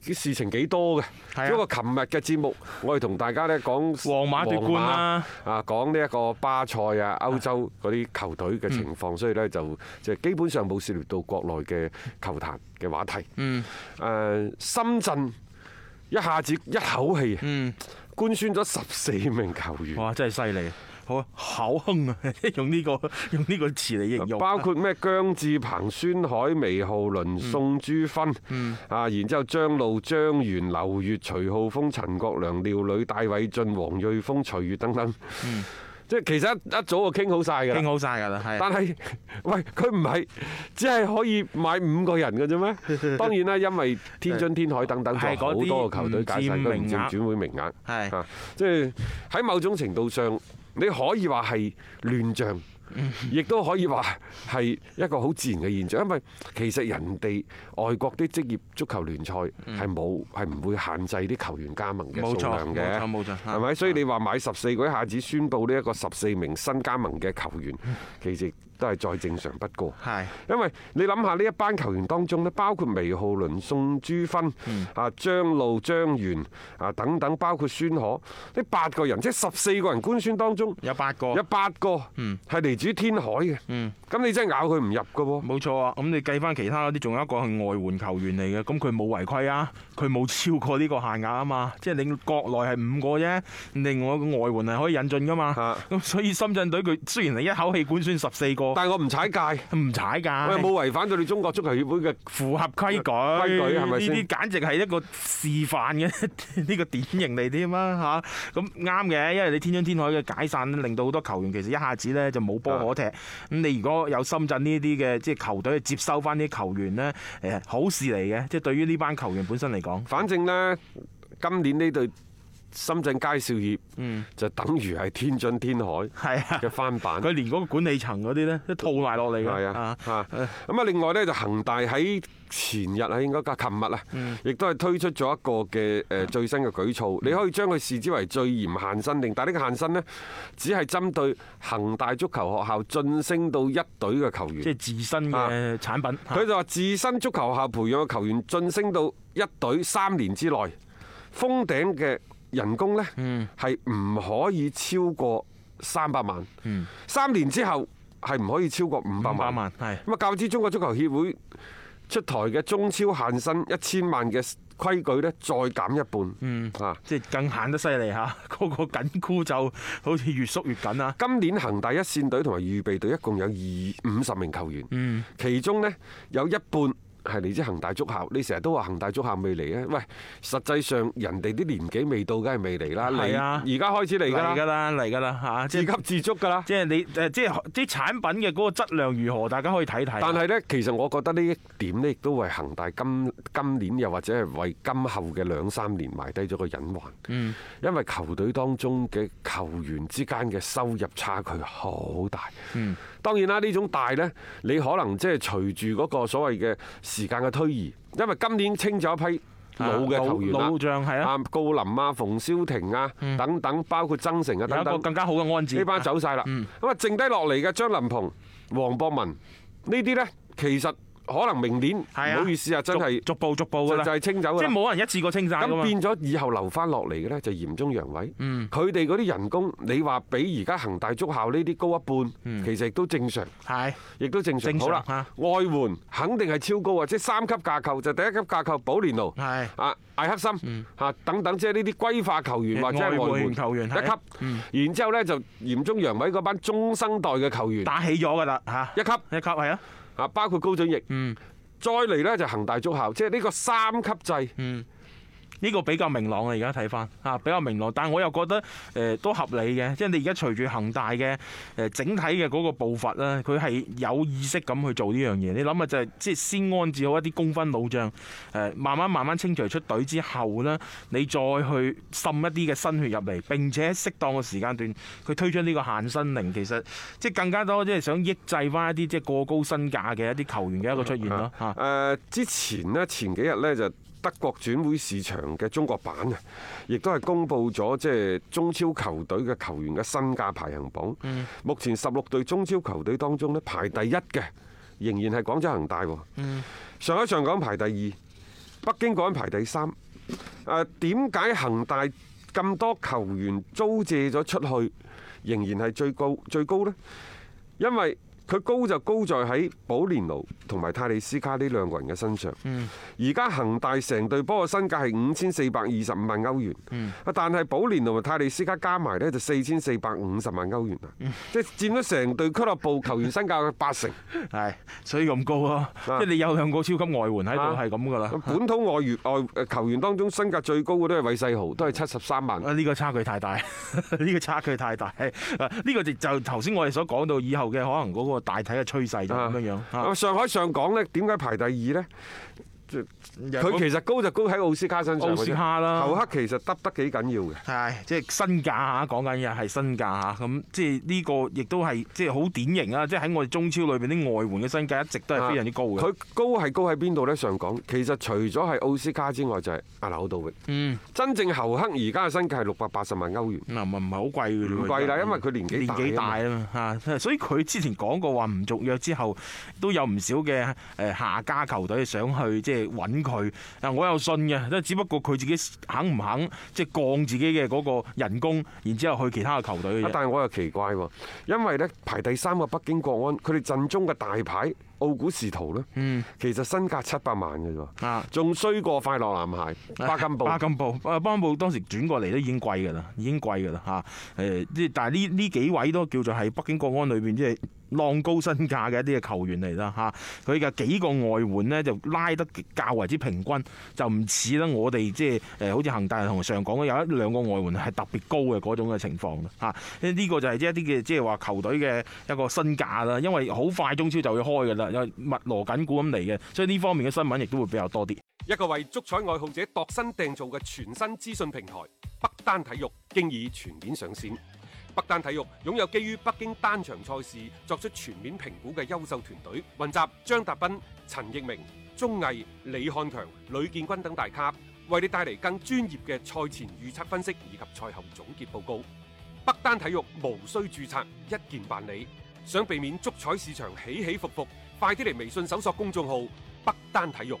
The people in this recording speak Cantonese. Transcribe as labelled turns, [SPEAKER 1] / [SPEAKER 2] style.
[SPEAKER 1] 事情幾多嘅？不過琴日嘅節目，我哋同大家呢講皇馬奪冠啦，啊講呢一個巴塞啊、歐洲嗰啲球隊嘅情況，所以呢，就即係基本上冇涉獵到國內嘅球壇嘅話題。嗯。深
[SPEAKER 2] 圳一下子一口氣，嗯，官宣咗十四名球員。哇！真係犀利。好好，哼 啊樂，用呢、呢個用呢個詞嚟形容，包括咩
[SPEAKER 1] 姜志鵬、孫海薇、郜林、宋朱芬，啊，嗯、然之後張路、張元、劉月、徐浩峰、陳國良、廖女、戴偉俊、黃瑞峰、徐月等等，即係其實一早就傾好晒噶，傾好晒噶啦，但係喂，佢唔係只係可以買五個人噶啫咩？當然啦，因為天津、天海等等，好多個球隊解散佢唔佔轉會名額，啊，即係喺某種程度上。你可以話係亂象。亦都可以話係一個好自然嘅現象，因為其實人哋外國啲職業足球聯賽係冇係唔會限制啲球員加盟嘅數量嘅，冇錯冇錯，係咪？所以你話買十四個一下子宣佈呢一個十四名新加盟嘅球員，其實都係再正常不過。係，是 因為你諗下呢一班球員當中咧，包括微浩倫、宋朱芬、阿張路、張元啊等等，包括孫可，呢八個人即係十四個人官宣當中
[SPEAKER 2] 有八個，有八個係至於天海嘅，咁你真係咬佢唔入㗎喎。冇錯啊，咁你計翻其他嗰啲，仲有一個係外援球員嚟嘅，咁佢冇違規啊，佢冇超過呢個限額啊嘛，即係你國內係五個啫，另外一個外援係可以引進㗎嘛。咁所以深圳隊佢雖然係一口氣官宣十四個，但係我唔踩界，唔踩界，我又冇違反佢哋中國足球協會嘅符合規矩。規矩係咪先？呢啲簡直係一個示範嘅，呢個典型嚟添啊嚇。咁啱嘅，因為你天津天海嘅解散，令到好多球員其實一下子咧就冇。我踢，咁你如果有深圳呢啲嘅即係球隊去接收翻啲球員呢，誒好事嚟嘅，即係對於呢班球員本身嚟講，反正呢今年呢對。深圳佳兆業就等於
[SPEAKER 1] 係天津天海嘅翻版。佢連嗰個管理層嗰啲呢都套埋落嚟㗎。係啊，嚇咁啊！另外呢，就恒大喺前日啊，應該加琴日啊，嗯、亦都係推出咗一個嘅誒最新嘅舉措。是的 你可以將佢視之為最嚴限薪令，但係呢個限薪呢，只係針對恒大足球學校晉升到一隊嘅球員，即係自身嘅產品。佢就話自身足球學校培養嘅球員晉升到一隊三年之內封頂嘅。人工呢，係唔可以超過三百萬。三、嗯、年之後係唔可以超過五百萬。五百萬係。咁啊，較之中國足球協會出台嘅中超限薪一千萬嘅規矩呢，再減一半。嗯。啊，即係更限得犀利嚇，個、啊、個緊箍就好似越縮越緊啦、啊。今年恒大一線隊同埋預備隊一共有二五十名球員。嗯。其中呢有一半。係你知，恒大足校，你成日都話恒大足校未嚟咧。喂，實際上人哋啲年紀未到未，梗係未嚟啦。係啊！而
[SPEAKER 2] 家開始嚟㗎啦！嚟㗎啦！嚇！自給自足㗎啦！即係你誒，即係啲產品嘅嗰個質量如何，大家可以睇
[SPEAKER 1] 睇。但係呢，其實我覺得呢一點呢，亦都為恒大今今年又或者係為今後嘅兩三年埋低咗個隱患。嗯。因為球隊當中嘅球員之間嘅收入差距好大。嗯。當然啦，呢種大呢，你可能即係隨住嗰個所謂嘅。時間嘅推移，因為今年清咗一批老嘅球員啦，老將係啊，高林啊、馮瀟霆啊等等，包括曾誠啊等等，有一個更加好嘅安置，呢班走晒啦，咁啊、嗯、剩低落嚟嘅張林鵬、黃博文呢啲咧，其實。可能明年唔好意思啊，真係逐步逐步噶啦，就係清走啦，即係冇人一
[SPEAKER 2] 次過清曬。咁變
[SPEAKER 1] 咗以後留翻落嚟嘅咧，就嚴中楊偉。嗯，佢哋嗰啲人工，你話比而家恒大足校呢啲高一半，其實亦都正常。係，亦都正常。好啦，外援肯定係超高啊！即係三級架構，就第一級架構，保連奴，係啊，艾克森啊，等等，即係呢啲歸化球員或者係外援球員，一級。嗯。然之後咧就嚴中楊偉嗰班中生代嘅球員。打起咗噶啦嚇！一級一級係啊！
[SPEAKER 2] 啊！包括高準翼，嗯、再嚟咧就恒大足校，即係呢個三級制。嗯呢個比較明朗啊！而家睇翻啊，比較明朗，但我又覺得誒都合理嘅，即係你而家隨住恒大嘅誒整體嘅嗰個步伐啦，佢係有意識咁去做呢樣嘢。你諗下，就係即係先安置好一啲功勳老將，誒慢慢慢慢清除出隊之後呢，你再去滲一啲嘅新血入嚟，並且適當嘅時間段，佢推出呢個限薪令，其實即係更加多即係想抑制翻一啲即係過高身價嘅一啲球員嘅一個出現咯。誒、嗯
[SPEAKER 1] 嗯、之前呢，前幾日呢就，德國轉會市場嘅中國版啊，亦都係公布咗即係中超球隊嘅球員嘅身價排行榜。目前十六隊中超球隊當中呢，排第一嘅仍然係廣州恒大。上海上港排第二，北京國安排第三。誒點解恒大咁多球員租借咗出去，仍然係最高最高呢？因為佢高就高在喺保連奴同埋泰利斯卡呢兩個人嘅身上。而家恒大成隊波嘅身價係五千四百二十五萬歐元，但係保連奴同泰利斯卡加埋呢就四千四百五十萬歐元啦，即係佔咗成隊俱樂部球員身價嘅八成、嗯，係
[SPEAKER 2] 所以咁高咯。即係你有兩個超級外援喺度，係咁噶啦。嗯、本土外援外球員當中身價最高嘅都係韋世豪，都係七十三萬。呢個差距太大，呢、呢個差距太大。呢、呢個就就頭先我哋所講到以後嘅可能嗰個大體嘅趨勢就咁樣樣。咁、嗯、上海上港呢，點解排第二呢？佢其實高就高喺奧斯卡
[SPEAKER 1] 身上，奧斯卡啦。侯克
[SPEAKER 2] 其實得得幾緊要嘅，係即係身價嚇講緊嘢係身價嚇，咁即係呢個亦都係即係好典型啊！即係喺我哋中超裏邊啲外援嘅身價一直都係非常之高嘅。佢
[SPEAKER 1] 高係高喺邊度呢？上港其實除咗係奧斯卡之外，就係阿劉道榮。嗯，真正侯克而家嘅身價係六百八十萬歐元。嗱，咪唔係好貴嘅，唔貴啦，因為佢年紀年紀大
[SPEAKER 2] 啊嘛嚇，所以佢之前講過話唔續約之後，都有唔少嘅誒下家球隊想去即係。搵佢，但我又信嘅，即係只不過佢自己肯唔肯，即係降自己嘅嗰個人工，然之後去其他嘅球隊。但係我又奇怪，因為咧排第三個北京國安，佢哋陣中嘅大牌。奧古斯圖咧，嗯、其實身價七百萬嘅喎，仲衰過快樂男孩巴金布。巴金布，巴金布當時轉過嚟都已經貴㗎啦，已經貴㗎啦嚇。誒，即但係呢呢幾位都叫做係北京國安裏邊即係浪高身價嘅一啲嘅球員嚟啦嚇。佢嘅幾個外援呢，就拉得較為之平均，就唔似咧我哋即係誒好似恒大同上港咧有一兩個外援係特別高嘅嗰種嘅情況啦呢、呢個就係一啲嘅即係話球隊嘅一個身價啦，因為好快中超就會開㗎啦。因為密鑼緊鼓咁嚟嘅，所以呢方面嘅新聞亦都會比較多啲。
[SPEAKER 1] 一個為足彩愛好者度身訂造嘅全新資訊平台北單體育，經已全面上線。北單體育擁有基於北京單場賽事作出全面評估嘅優秀團隊，雲集張達斌、陳奕明、鍾毅、李漢強、呂建軍等大咖，為你帶嚟更專業嘅賽前預測分析以及賽後總結報告。北單體育無需注冊，一鍵辦理。想避免足彩市場起起伏伏？快啲嚟微信搜索公眾號北丹體育。